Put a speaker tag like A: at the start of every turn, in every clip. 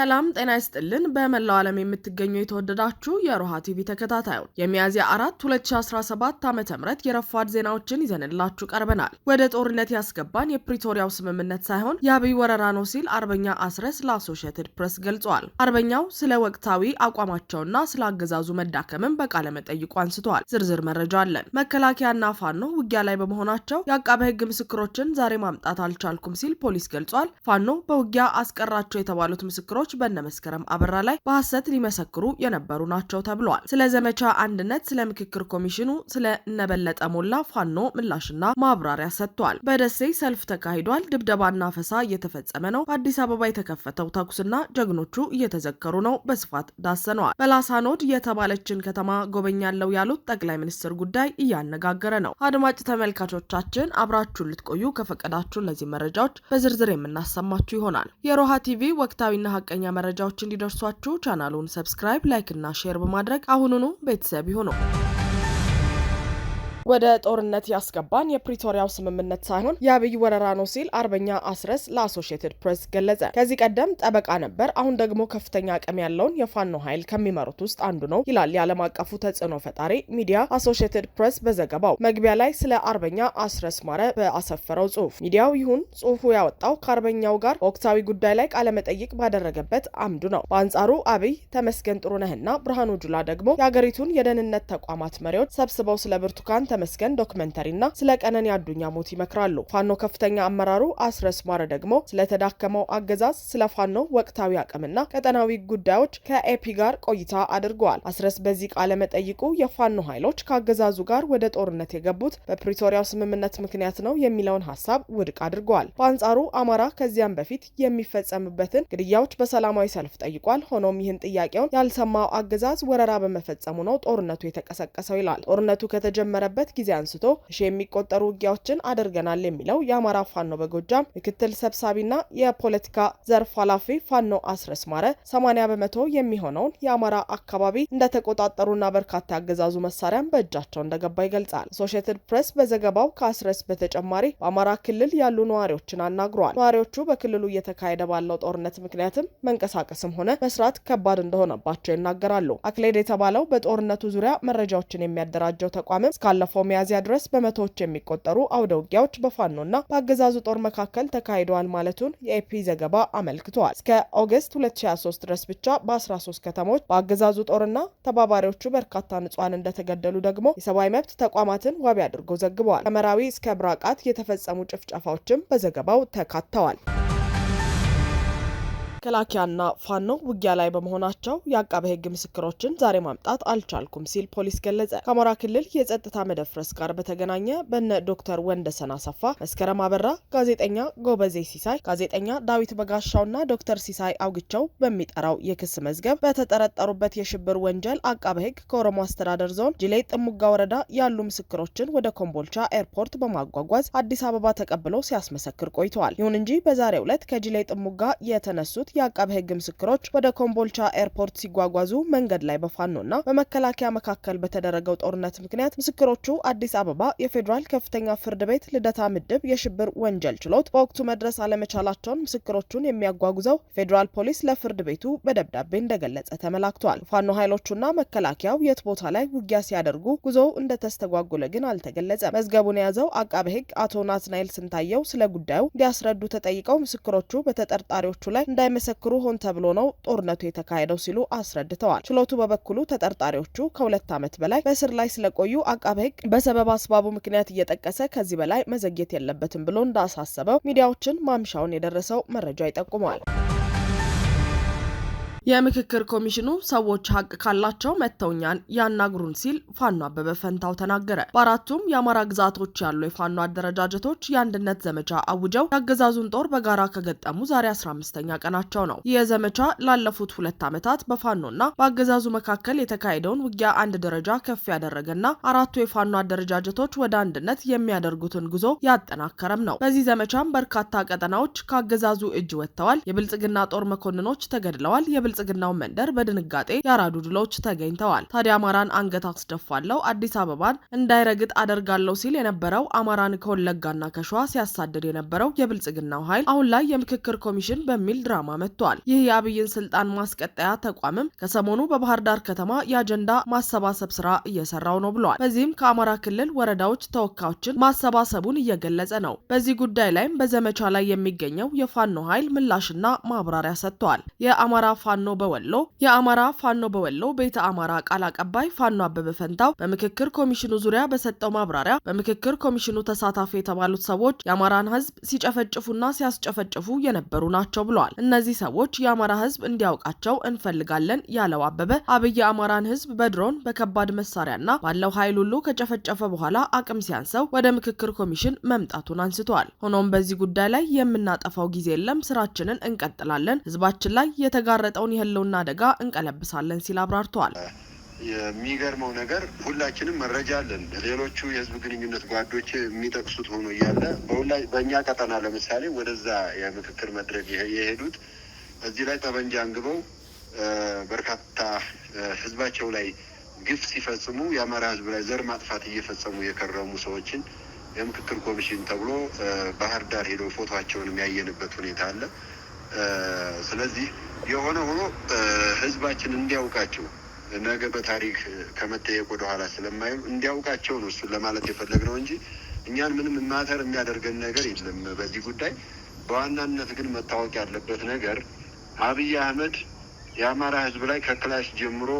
A: ሰላም ጤና ይስጥልን። በመላው ዓለም የምትገኙ የተወደዳችሁ የሮሃ ቲቪ ተከታታዮች የሚያዝያ አራት 2017 ዓ ም የረፋድ ዜናዎችን ይዘንላችሁ ቀርበናል። ወደ ጦርነት ያስገባን የፕሪቶሪያው ስምምነት ሳይሆን የአብይ ወረራ ነው ሲል አርበኛ አስረስ ለአሶሽትድ ፕሬስ ገልጿል። አርበኛው ስለ ወቅታዊ አቋማቸውና ስለ አገዛዙ መዳከምን በቃለ መጠይቁ አንስተዋል። ዝርዝር መረጃ አለን። መከላከያና ፋኖ ውጊያ ላይ በመሆናቸው የአቃቤ ህግ ምስክሮችን ዛሬ ማምጣት አልቻልኩም ሲል ፖሊስ ገልጿል። ፋኖ በውጊያ አስቀራቸው የተባሉት ምስክሮች ዜናዎች በነመስከረም አበራ ላይ በሐሰት ሊመሰክሩ የነበሩ ናቸው ተብሏል። ስለ ዘመቻ አንድነት፣ ስለ ምክክር ኮሚሽኑ፣ ስለ እነበለጠ ሞላ ፋኖ ምላሽና ማብራሪያ ሰጥቷል። በደሴ ሰልፍ ተካሂዷል። ድብደባና ፈሳ እየተፈጸመ ነው። በአዲስ አበባ የተከፈተው ተኩስና ጀግኖቹ እየተዘከሩ ነው በስፋት ዳሰነዋል። በላሳኖድ የተባለችን ከተማ ጎበኛለው ያሉት ጠቅላይ ሚኒስትር ጉዳይ እያነጋገረ ነው። አድማጭ ተመልካቾቻችን አብራችሁን ልትቆዩ ከፈቀዳችሁ እነዚህ መረጃዎች በዝርዝር የምናሰማችሁ ይሆናል። የሮሃ ቲቪ ወቅታዊና ሀቅ ሀቀኛ መረጃዎች እንዲደርሷችሁ ቻናሉን ሰብስክራይብ፣ ላይክ እና ሼር በማድረግ አሁኑኑ ቤተሰብ ይሁኑ። ወደ ጦርነት ያስገባን የፕሪቶሪያው ስምምነት ሳይሆን የአብይ ወረራ ነው ሲል አርበኛ አስረስ ለአሶሺየትድ ፕሬስ ገለጸ። ከዚህ ቀደም ጠበቃ ነበር፣ አሁን ደግሞ ከፍተኛ አቅም ያለውን የፋኖ ኃይል ከሚመሩት ውስጥ አንዱ ነው ይላል የዓለም አቀፉ ተጽዕኖ ፈጣሪ ሚዲያ አሶሺየትድ ፕሬስ በዘገባው መግቢያ ላይ ስለ አርበኛ አስረስ ማረ በአሰፈረው ጽሁፍ ሚዲያው ይሁን ጽሁፉ ያወጣው ከአርበኛው ጋር ወቅታዊ ጉዳይ ላይ ቃለመጠይቅ ባደረገበት አምዱ ነው። በአንጻሩ አብይ ተመስገን ጥሩነህና ብርሃኑ ጁላ ደግሞ የአገሪቱን የደህንነት ተቋማት መሪዎች ሰብስበው ስለ ብርቱካን ተመስገን ዶክመንተሪና ስለ ቀነኒ አዱኛ ሞት ይመክራሉ። ፋኖ ከፍተኛ አመራሩ አስረስ ማረ ደግሞ ስለተዳከመው አገዛዝ፣ ስለ ፋኖ ወቅታዊ አቅምና ቀጠናዊ ጉዳዮች ከኤፒ ጋር ቆይታ አድርገዋል። አስረስ በዚህ ቃለ መጠይቁ የፋኖ ኃይሎች ከአገዛዙ ጋር ወደ ጦርነት የገቡት በፕሪቶሪያው ስምምነት ምክንያት ነው የሚለውን ሀሳብ ውድቅ አድርገዋል። በአንጻሩ አማራ ከዚያም በፊት የሚፈጸምበትን ግድያዎች በሰላማዊ ሰልፍ ጠይቋል። ሆኖም ይህን ጥያቄውን ያልሰማው አገዛዝ ወረራ በመፈጸሙ ነው ጦርነቱ የተቀሰቀሰው ይላል። ጦርነቱ ከተጀመረበት ከጀመረበት ጊዜ አንስቶ እሺ የሚቆጠሩ ውጊያዎችን አድርገናል የሚለው የአማራ ፋኖ በጎጃም ምክትል ሰብሳቢና የፖለቲካ ዘርፍ ኃላፊ ፋኖ አስረስ ማረ 80 በመቶ የሚሆነውን የአማራ አካባቢ እንደተቆጣጠሩና በርካታ ያገዛዙ መሳሪያን በእጃቸው እንደገባ ይገልጻል። አሶሽትድ ፕሬስ በዘገባው ከአስረስ በተጨማሪ በአማራ ክልል ያሉ ነዋሪዎችን አናግሯል። ነዋሪዎቹ በክልሉ እየተካሄደ ባለው ጦርነት ምክንያትም መንቀሳቀስም ሆነ መስራት ከባድ እንደሆነባቸው ይናገራሉ። አክሌድ የተባለው በጦርነቱ ዙሪያ መረጃዎችን የሚያደራጀው ተቋምም እስካለፈ ባለፈው ሚያዝያ ድረስ በመቶዎች የሚቆጠሩ አውደ ውጊያዎች በፋኖና በአገዛዙ ጦር መካከል ተካሂደዋል ማለቱን የኤፒ ዘገባ አመልክቷል። እስከ ኦገስት 2023 ድረስ ብቻ በ13 ከተሞች በአገዛዙ ጦርና ተባባሪዎቹ በርካታ ንጹሐን እንደተገደሉ ደግሞ የሰብአዊ መብት ተቋማትን ዋቢ አድርጎ ዘግበዋል። ከመራዊ እስከ ብራቃት የተፈጸሙ ጭፍጨፋዎችም በዘገባው ተካተዋል። መከላከያና ፋኖ ውጊያ ላይ በመሆናቸው የአቃቤ ሕግ ምስክሮችን ዛሬ ማምጣት አልቻልኩም ሲል ፖሊስ ገለጸ። ከአማራ ክልል የጸጥታ መደፍረስ ጋር በተገናኘ በነ ዶክተር ወንደሰን አሰፋ፣ መስከረም አበራ፣ ጋዜጠኛ ጎበዜ ሲሳይ፣ ጋዜጠኛ ዳዊት በጋሻውና ዶክተር ሲሳይ አውግቸው በሚጠራው የክስ መዝገብ በተጠረጠሩበት የሽብር ወንጀል አቃቤ ሕግ ከኦሮሞ አስተዳደር ዞን ጅሌ ጥሙጋ ወረዳ ያሉ ምስክሮችን ወደ ኮምቦልቻ ኤርፖርት በማጓጓዝ አዲስ አበባ ተቀብሎ ሲያስመሰክር ቆይተዋል። ይሁን እንጂ በዛሬው ዕለት ከጅሌ ጥሙጋ የተነሱት የአቃቤ ሕግ ምስክሮች ወደ ኮምቦልቻ ኤርፖርት ሲጓጓዙ መንገድ ላይ በፋኖና በመከላከያ መካከል በተደረገው ጦርነት ምክንያት ምስክሮቹ አዲስ አበባ የፌዴራል ከፍተኛ ፍርድ ቤት ልደታ ምድብ የሽብር ወንጀል ችሎት በወቅቱ መድረስ አለመቻላቸውን ምስክሮቹን የሚያጓጉዘው ፌዴራል ፖሊስ ለፍርድ ቤቱ በደብዳቤ እንደገለጸ ተመላክቷል። ፋኖ ኃይሎቹና መከላከያው የት ቦታ ላይ ውጊያ ሲያደርጉ ጉዞው እንደተስተጓጎለ ግን አልተገለጸም። መዝገቡን የያዘው አቃቤ ሕግ አቶ ናትናኤል ስንታየው ስለ ጉዳዩ እንዲያስረዱ ተጠይቀው ምስክሮቹ በተጠርጣሪዎቹ ላይ እንዳይመ የሚያመሰክሩ ሆን ተብሎ ነው ጦርነቱ የተካሄደው ሲሉ አስረድተዋል። ችሎቱ በበኩሉ ተጠርጣሪዎቹ ከሁለት ዓመት በላይ በእስር ላይ ስለቆዩ አቃቤ ሕግ በሰበብ አስባቡ ምክንያት እየጠቀሰ ከዚህ በላይ መዘግየት የለበትም ብሎ እንዳሳሰበው ሚዲያዎችን ማምሻውን የደረሰው መረጃ ይጠቁመዋል። የምክክር ኮሚሽኑ ሰዎች ሀቅ ካላቸው መተውኛን ያናግሩን ሲል ፋኖ አበበ ፈንታው ተናገረ። በአራቱም የአማራ ግዛቶች ያሉ የፋኖ አደረጃጀቶች የአንድነት ዘመቻ አውጀው የአገዛዙን ጦር በጋራ ከገጠሙ ዛሬ 15ኛ ቀናቸው ነው። ይህ ዘመቻ ላለፉት ሁለት ዓመታት በፋኖና በአገዛዙ መካከል የተካሄደውን ውጊያ አንድ ደረጃ ከፍ ያደረገና አራቱ የፋኖ አደረጃጀቶች ወደ አንድነት የሚያደርጉትን ጉዞ ያጠናከረም ነው። በዚህ ዘመቻም በርካታ ቀጠናዎች ከአገዛዙ እጅ ወጥተዋል። የብልጽግና ጦር መኮንኖች ተገድለዋል። የብልጽግናው መንደር በድንጋጤ ያራዱ ድሎች ተገኝተዋል። ታዲያ አማራን አንገት አስደፋለሁ፣ አዲስ አበባን እንዳይረግጥ አደርጋለሁ ሲል የነበረው አማራን ከወለጋና ከሸዋ ሲያሳድድ የነበረው የብልጽግናው ኃይል አሁን ላይ የምክክር ኮሚሽን በሚል ድራማ መጥቷል። ይህ የአብይን ስልጣን ማስቀጠያ ተቋምም ከሰሞኑ በባህር ዳር ከተማ የአጀንዳ ማሰባሰብ ስራ እየሰራው ነው ብሏል። በዚህም ከአማራ ክልል ወረዳዎች ተወካዮችን ማሰባሰቡን እየገለጸ ነው። በዚህ ጉዳይ ላይም በዘመቻ ላይ የሚገኘው የፋኖ ኃይል ምላሽና ማብራሪያ ሰጥተዋል። የአማራ ፋኖ ፋኖ በወሎ የአማራ ፋኖ በወሎ ቤተ አማራ ቃል አቀባይ ፋኖ አበበ ፈንታው በምክክር ኮሚሽኑ ዙሪያ በሰጠው ማብራሪያ በምክክር ኮሚሽኑ ተሳታፊ የተባሉት ሰዎች የአማራን ህዝብ ሲጨፈጭፉና ሲያስጨፈጭፉ የነበሩ ናቸው ብለዋል። እነዚህ ሰዎች የአማራ ህዝብ እንዲያውቃቸው እንፈልጋለን ያለው አበበ አብይ የአማራን ህዝብ በድሮን በከባድ መሳሪያና ባለው ኃይል ሁሉ ከጨፈጨፈ በኋላ አቅም ሲያንሰው ወደ ምክክር ኮሚሽን መምጣቱን አንስተዋል። ሆኖም በዚህ ጉዳይ ላይ የምናጠፋው ጊዜ የለም፣ ስራችንን እንቀጥላለን። ህዝባችን ላይ የተጋረጠውን የደቀነውን የህልውና አደጋ እንቀለብሳለን ሲል አብራርተዋል።
B: የሚገርመው ነገር ሁላችንም መረጃ አለን። ሌሎቹ የህዝብ ግንኙነት ጓዶች የሚጠቅሱት ሆኖ እያለ በሁላ በእኛ ቀጠና ለምሳሌ ወደዛ የምክክር መድረክ የሄዱት እዚህ ላይ ጠመንጃ አንግበው በርካታ ህዝባቸው ላይ ግፍ ሲፈጽሙ የአማራ ህዝብ ላይ ዘር ማጥፋት እየፈጸሙ የከረሙ ሰዎችን የምክክር ኮሚሽን ተብሎ ባህር ዳር ሄደው ፎቶቸውን የሚያየንበት ሁኔታ አለ። ስለዚህ የሆነ ሆኖ ህዝባችን እንዲያውቃቸው ነገ በታሪክ ከመጠየቅ ወደኋላ ስለማይሉ እንዲያውቃቸው ነው እሱን ለማለት የፈለግነው እንጂ እኛን ምንም ማተር የሚያደርገን ነገር የለም በዚህ ጉዳይ። በዋናነት ግን መታወቅ ያለበት ነገር አብይ አህመድ የአማራ ህዝብ ላይ ከክላሽ ጀምሮ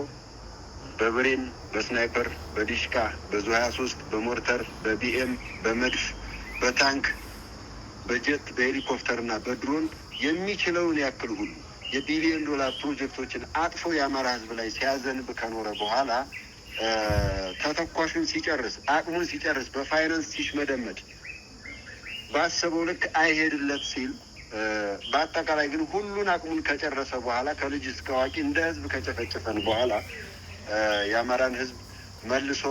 B: በብሬን፣ በስናይፐር፣ በዲሽካ፣ በዙ ሀያ ሶስት በሞርተር፣ በቢኤም፣ በመድፍ፣ በታንክ፣ በጀት፣ በሄሊኮፕተር እና በድሮን የሚችለውን ያክል ሁሉ የቢሊዮን ዶላር ፕሮጀክቶችን አጥፎ የአማራ ህዝብ ላይ ሲያዘንብ ከኖረ በኋላ ተተኳሹን ሲጨርስ አቅሙን ሲጨርስ በፋይናንስ ሲሽመደመድ ባሰበው ልክ አይሄድለት ሲል በአጠቃላይ ግን ሁሉን አቅሙን ከጨረሰ በኋላ ከልጅ እስከ አዋቂ እንደ ህዝብ ከጨፈጨፈን በኋላ የአማራን ህዝብ መልሶ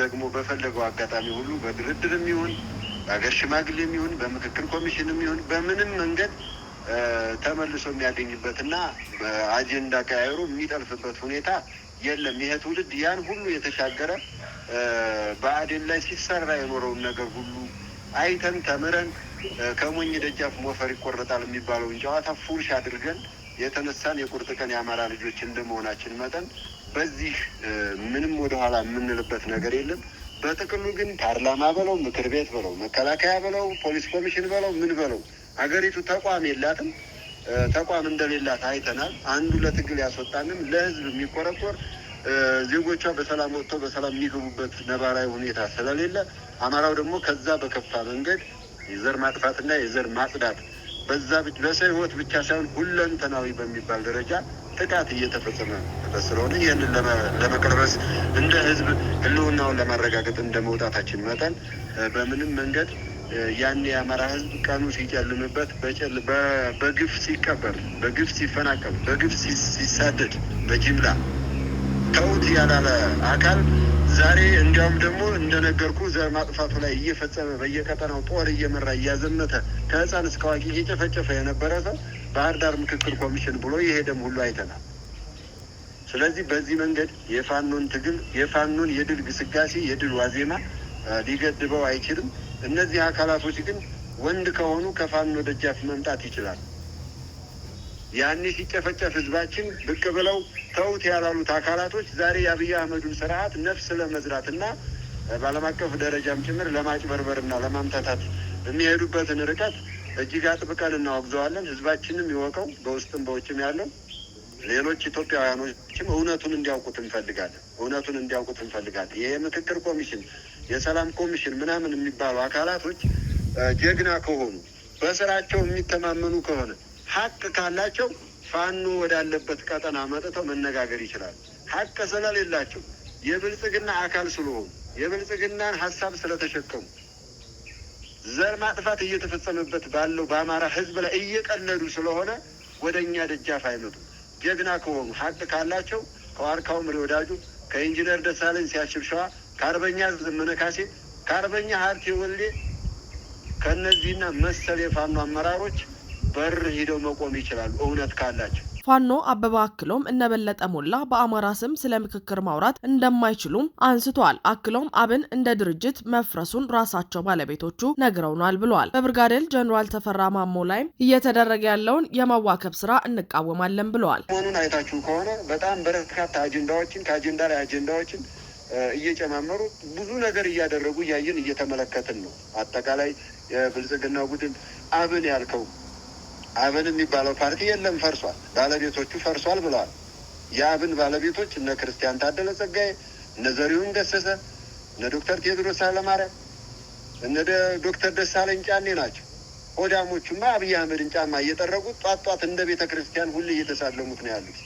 B: ደግሞ በፈለገው አጋጣሚ ሁሉ በድርድር የሚሆን በሀገር ሽማግሌ የሚሆን በምክክር ኮሚሽን የሚሆን በምንም መንገድ ተመልሶ የሚያገኝበትና አጀንዳ ቀያይሮ የሚጠልፍበት ሁኔታ የለም። ይሄ ትውልድ ያን ሁሉ የተሻገረ በአዴን ላይ ሲሰራ የኖረውን ነገር ሁሉ አይተን ተምረን ከሞኝ ደጃፍ ሞፈር ይቆረጣል የሚባለውን ጨዋታ ፉርሽ አድርገን የተነሳን የቁርጥ ቀን የአማራ ልጆች እንደመሆናችን መጠን በዚህ ምንም ወደኋላ የምንልበት ነገር የለም። በጥቅሉ ግን ፓርላማ በለው ምክር ቤት በለው መከላከያ በለው ፖሊስ ኮሚሽን በለው ምን በለው አገሪቱ ተቋም የላትም። ተቋም እንደሌላት አይተናል። አንዱ ለትግል ያስወጣንም ለህዝብ የሚቆረቆር ዜጎቿ በሰላም ወጥተው በሰላም የሚገቡበት ነባራዊ ሁኔታ ስለሌለ አማራው ደግሞ ከዛ በከፋ መንገድ የዘር ማጥፋትና የዘር ማጽዳት በዛ በሰው ህይወት ብቻ ሳይሆን ሁለንተናዊ በሚባል ደረጃ ጥቃት እየተፈጸመ ስለሆነ ይህንን ለመቀልበስ እንደ ህዝብ ህልውናውን ለማረጋገጥ እንደ መውጣታችን መጠን በምንም መንገድ ያን የአማራ ህዝብ ቀኑ ሲጨልምበት በግፍ ሲቀበር፣ በግፍ ሲፈናቀል፣ በግፍ ሲሳደድ በጅምላ ተውት ያላለ አካል ዛሬ እንዲያውም ደግሞ እንደነገርኩ ዘር ማጥፋቱ ላይ እየፈጸመ በየቀጠናው ጦር እየመራ እያዘመተ ከህፃን እስከ አዋቂ እየጨፈጨፈ የነበረ ሰው ባህር ዳር ምክክል ኮሚሽን ብሎ የሄደም ሁሉ አይተናል። ስለዚህ በዚህ መንገድ የፋኖን ትግል የፋኖን የድል ግስጋሴ የድል ዋዜማ ሊገድበው አይችልም። እነዚህ አካላቶች ግን ወንድ ከሆኑ ከፋኖ ደጃፍ መምጣት ይችላል። ያኔ ሲጨፈጨፍ ህዝባችን ብቅ ብለው ተውት ያላሉት አካላቶች ዛሬ የአብይ አህመዱን ስርዓት ነፍስ ለመዝራት እና በዓለም አቀፍ ደረጃም ጭምር ለማጭበርበር እና ለማምታታት የሚሄዱበትን ርቀት እጅግ አጥብቀን እናወግዘዋለን። ህዝባችንም ይወቀው፣ በውስጥም በውጭም ያለው ሌሎች ኢትዮጵያውያኖችም እውነቱን እንዲያውቁት እንፈልጋለን። እውነቱን እንዲያውቁት እንፈልጋለን። ይሄ ምክክር ኮሚሽን፣ የሰላም ኮሚሽን ምናምን የሚባሉ አካላቶች ጀግና ከሆኑ በስራቸው የሚተማመኑ ከሆነ ሀቅ ካላቸው ፋኖ ወዳለበት ቀጠና መጥተው መነጋገር ይችላሉ። ሀቅ ስለሌላቸው የብልጽግና አካል ስለሆኑ የብልጽግናን ሀሳብ ስለተሸከሙ ዘር ማጥፋት እየተፈጸመበት ባለው በአማራ ሕዝብ ላይ እየቀለዱ ስለሆነ ወደ እኛ ደጃፍ አይመጡም። ጀግና ከሆኑ ሀቅ ካላቸው ከዋርካው ምሬ ወዳጁ፣ ከኢንጂነር ደሳለኝ ሲያስችል ሸዋ፣ ከአርበኛ ዘመነ ካሴ፣ ከአርበኛ ሀርቴ ወልዴ ከእነዚህና መሰል የፋኖ አመራሮች በር ሂደው መቆም ይችላሉ እውነት ካላቸው።
A: ፋኖ አበባ አክሎም እነበለጠ ሞላ በአማራ ስም ስለ ምክክር ማውራት እንደማይችሉም አንስቷል። አክሎም አብን እንደ ድርጅት መፍረሱን ራሳቸው ባለቤቶቹ ነግረውናል ብሏል። በብርጋዴር ጀኔራል ተፈራ ማሞ ላይም እየተደረገ ያለውን የመዋከብ ስራ እንቃወማለን ብለዋል።
B: መሆኑን አይታችሁ ከሆነ በጣም በርካታ አጀንዳዎችን ከአጀንዳ ላይ አጀንዳዎችን እየጨማመሩ ብዙ ነገር እያደረጉ እያየን እየተመለከትን ነው። አጠቃላይ የብልጽግና ቡድን አብን ያልከው አብን የሚባለው ፓርቲ የለም ፈርሷል፣ ባለቤቶቹ ፈርሷል ብለዋል። የአብን ባለቤቶች እነ ክርስቲያን ታደለ ጸጋዬ፣ እነ ዘሪሁን ገሰሰ፣ እነ ዶክተር ቴዎድሮስ ኃይለማርያም፣ እነ ዶክተር ደሳለኝ ጫኔ ናቸው። ሆዳሞቹማ አብይ አህመድን ጫማ እየጠረጉት ጧት ጧት እንደ ቤተ ክርስቲያን ሁሌ እየተሳለሙት ነው ያሉት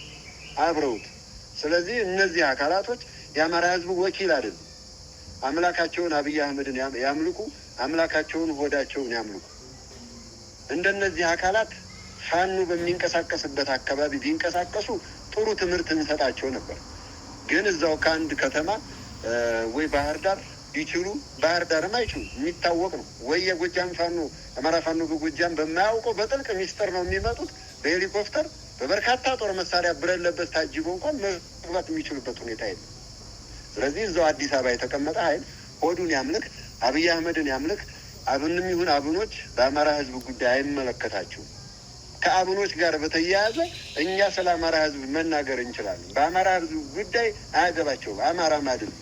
B: አብረውት። ስለዚህ እነዚህ አካላቶች የአማራ ህዝቡ ወኪል አይደሉም። አምላካቸውን አብይ አህመድን ያምልኩ፣ አምላካቸውን ሆዳቸውን ያምልኩ። እንደነዚህ አካላት ፋኖ በሚንቀሳቀስበት አካባቢ ቢንቀሳቀሱ ጥሩ ትምህርት እንሰጣቸው ነበር። ግን እዛው ከአንድ ከተማ ወይ ባህር ዳር ቢችሉ ባህር ዳርም አይችሉ የሚታወቅ ነው። ወይ የጎጃም ፋኖ አማራ ፋኖ በጎጃም በማያውቀው በጥልቅ ሚስጥር ነው የሚመጡት። በሄሊኮፕተር በበርካታ ጦር መሳሪያ ብረለበት ታጅቦ እንኳን መግባት የሚችሉበት ሁኔታ የለም። ስለዚህ እዛው አዲስ አበባ የተቀመጠ ኃይል ሆዱን ያምልክ፣ አብይ አህመድን ያምልክ አብንም ይሁን አብኖች በአማራ ህዝብ ጉዳይ አይመለከታቸውም። ከአብኖች ጋር በተያያዘ እኛ ስለ አማራ ህዝብ መናገር እንችላለን። በአማራ ህዝብ ጉዳይ አያገባቸውም። አማራ አይደሉም።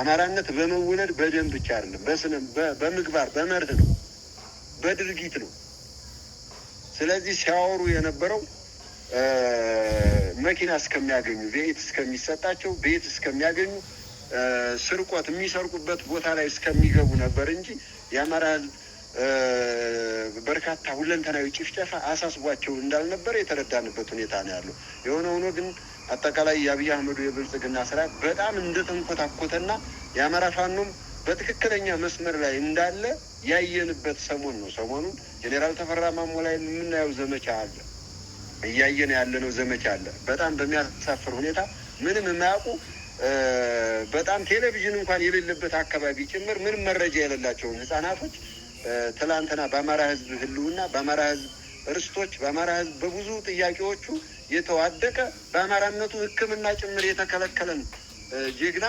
B: አማራነት በመወለድ በደም ብቻ አይደለም፣ በስነ በምግባር በመርህ ነው፣ በድርጊት ነው። ስለዚህ ሲያወሩ የነበረው መኪና እስከሚያገኙ ቤት እስከሚሰጣቸው ቤት እስከሚያገኙ ስርቆት የሚሰርቁበት ቦታ ላይ እስከሚገቡ ነበር እንጂ የአማራ ሕዝብ በርካታ ሁለንተናዊ ጭፍጨፋ አሳስቧቸው እንዳልነበረ የተረዳንበት ሁኔታ ነው ያለው። የሆነ ሆኖ ግን አጠቃላይ የአብይ አህመዱ የብልጽግና ስራ በጣም እንደተንኮታኮተና የአማራ ፋኖም በትክክለኛ መስመር ላይ እንዳለ ያየንበት ሰሞን ነው። ሰሞኑን ጄኔራል ተፈራ ማሞ ላይ የምናየው ዘመቻ አለ፣ እያየን ያለነው ዘመቻ አለ። በጣም በሚያሳፍር ሁኔታ ምንም የማያውቁ በጣም ቴሌቪዥን እንኳን የሌለበት አካባቢ ጭምር ምንም መረጃ የሌላቸውን ህጻናቶች ትላንትና በአማራ ህዝብ ህልውና፣ በአማራ ህዝብ እርስቶች፣ በአማራ ህዝብ በብዙ ጥያቄዎቹ የተዋደቀ በአማራነቱ ሕክምና ጭምር የተከለከለን ጀግና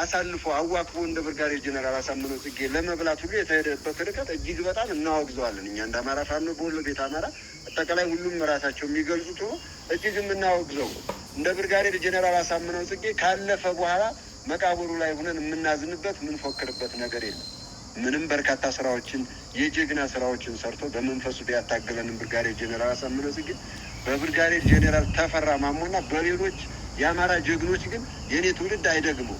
B: አሳልፎ አዋክቦ እንደ ብርጋዴ ጀነራል አሳምነው ጽጌ ለመብላት ሁሉ የተሄደበት ርቀት እጅግ በጣም እናወግዘዋለን። እኛ እንደ አማራ ፋኖ በወሎ ቤት አማራ አጠቃላይ ሁሉም ራሳቸው የሚገልጹት እጅግ የምናወግዘው እንደ ብርጋዴር ጀኔራል አሳምነው ጽጌ ካለፈ በኋላ መቃብሩ ላይ ሆነን የምናዝንበት የምንፎክርበት ነገር የለም። ምንም በርካታ ስራዎችን የጀግና ስራዎችን ሰርቶ በመንፈሱ ቢያታገለንም ብርጋዴር ጀኔራል አሳምነው ጽጌ በብርጋዴር ጀኔራል ተፈራ ማሞና በሌሎች የአማራ ጀግኖች ግን የእኔ ትውልድ አይደግመው።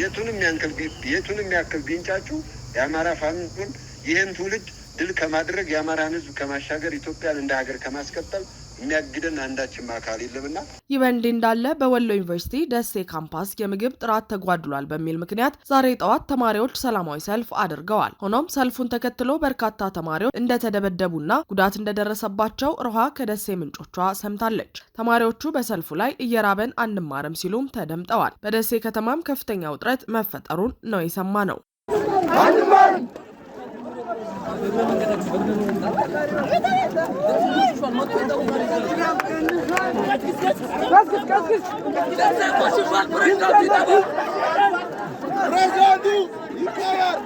B: የቱንም ያንክል የቱንም ያክል ቢንጫችሁ የአማራ ፋኑን ይህን ትውልድ ድል ከማድረግ የአማራን ህዝብ ከማሻገር ኢትዮጵያን እንደ ሀገር ከማስቀጠል የሚያግደን አንዳችም አካል የለምና።
A: ይህ በእንዲህ እንዳለ በወሎ ዩኒቨርሲቲ ደሴ ካምፓስ የምግብ ጥራት ተጓድሏል በሚል ምክንያት ዛሬ ጠዋት ተማሪዎች ሰላማዊ ሰልፍ አድርገዋል። ሆኖም ሰልፉን ተከትሎ በርካታ ተማሪዎች እንደተደበደቡና ጉዳት እንደደረሰባቸው ሮሃ ከደሴ ምንጮቿ ሰምታለች። ተማሪዎቹ በሰልፉ ላይ እየራበን አንማርም ሲሉም ተደምጠዋል። በደሴ ከተማም ከፍተኛ ውጥረት መፈጠሩን ነው የሰማ ነው። Kaç kaç kaç kaç. Gidersen başı var bırak. Rezadu. Yıkayar.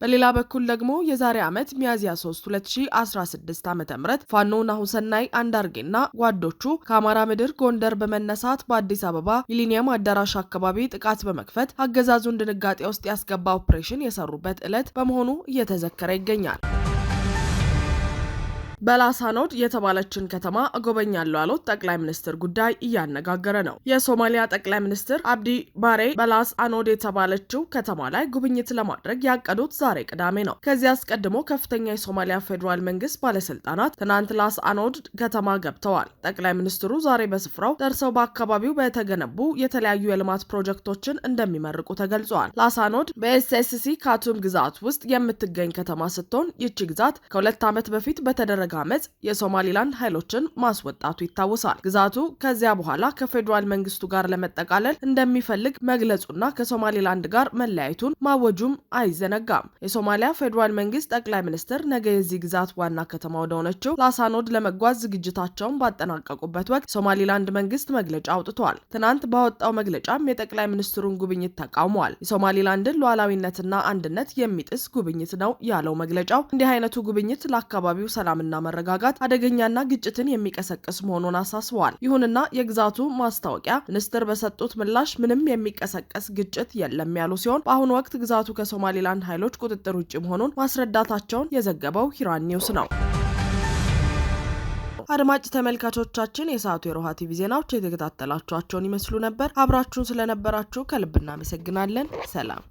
A: በሌላ በኩል ደግሞ የዛሬ ዓመት ሚያዝያ 3 2016 ዓ ም ፋኖ ናሁሰናይ አንዳርጌና ጓዶቹ ከአማራ ምድር ጎንደር በመነሳት በአዲስ አበባ ሚሊኒየም አዳራሽ አካባቢ ጥቃት በመክፈት አገዛዙን ድንጋጤ ውስጥ ያስገባ ኦፕሬሽን የሰሩበት ዕለት በመሆኑ እየተዘከረ ይገኛል። በላሳኖድ የተባለችን ከተማ እጎበኛለሁ ያሉት ጠቅላይ ሚኒስትር ጉዳይ እያነጋገረ ነው። የሶማሊያ ጠቅላይ ሚኒስትር አብዲ ባሬ በላስ አኖድ የተባለችው ከተማ ላይ ጉብኝት ለማድረግ ያቀዱት ዛሬ ቅዳሜ ነው። ከዚህ አስቀድሞ ከፍተኛ የሶማሊያ ፌዴራል መንግስት ባለስልጣናት ትናንት ላስ አኖድ ከተማ ገብተዋል። ጠቅላይ ሚኒስትሩ ዛሬ በስፍራው ደርሰው በአካባቢው በተገነቡ የተለያዩ የልማት ፕሮጀክቶችን እንደሚመርቁ ተገልጿል። ላሳኖድ በኤስኤስሲ ካቱም ግዛት ውስጥ የምትገኝ ከተማ ስትሆን ይቺ ግዛት ከሁለት ዓመት በፊት በተደረገ በተደረገ ዓመፅ የሶማሊላንድ ኃይሎችን ማስወጣቱ ይታወሳል። ግዛቱ ከዚያ በኋላ ከፌዴራል መንግስቱ ጋር ለመጠቃለል እንደሚፈልግ መግለጹና ከሶማሊላንድ ጋር መለያየቱን ማወጁም አይዘነጋም። የሶማሊያ ፌዴራል መንግስት ጠቅላይ ሚኒስትር ነገ የዚህ ግዛት ዋና ከተማ ወደሆነችው ላሳኖድ ለመጓዝ ዝግጅታቸውን ባጠናቀቁበት ወቅት ሶማሊላንድ መንግስት መግለጫ አውጥቷል። ትናንት ባወጣው መግለጫም የጠቅላይ ሚኒስትሩን ጉብኝት ተቃውሟል። የሶማሊላንድን ሉዓላዊነትና አንድነት የሚጥስ ጉብኝት ነው ያለው መግለጫው እንዲህ አይነቱ ጉብኝት ለአካባቢው ሰላምና ሰላምና መረጋጋት አደገኛና ግጭትን የሚቀሰቅስ መሆኑን አሳስበዋል። ይሁንና የግዛቱ ማስታወቂያ ሚኒስትር በሰጡት ምላሽ ምንም የሚቀሰቀስ ግጭት የለም ያሉ ሲሆን በአሁኑ ወቅት ግዛቱ ከሶማሌላንድ ኃይሎች ቁጥጥር ውጭ መሆኑን ማስረዳታቸውን የዘገበው ሂራን ኒውስ ነው። አድማጭ ተመልካቾቻችን የሰዓቱ የሮሃ ቲቪ ዜናዎች የተከታተላችኋቸውን ይመስሉ ነበር። አብራችሁን ስለነበራችሁ ከልብ እናመሰግናለን። ሰላም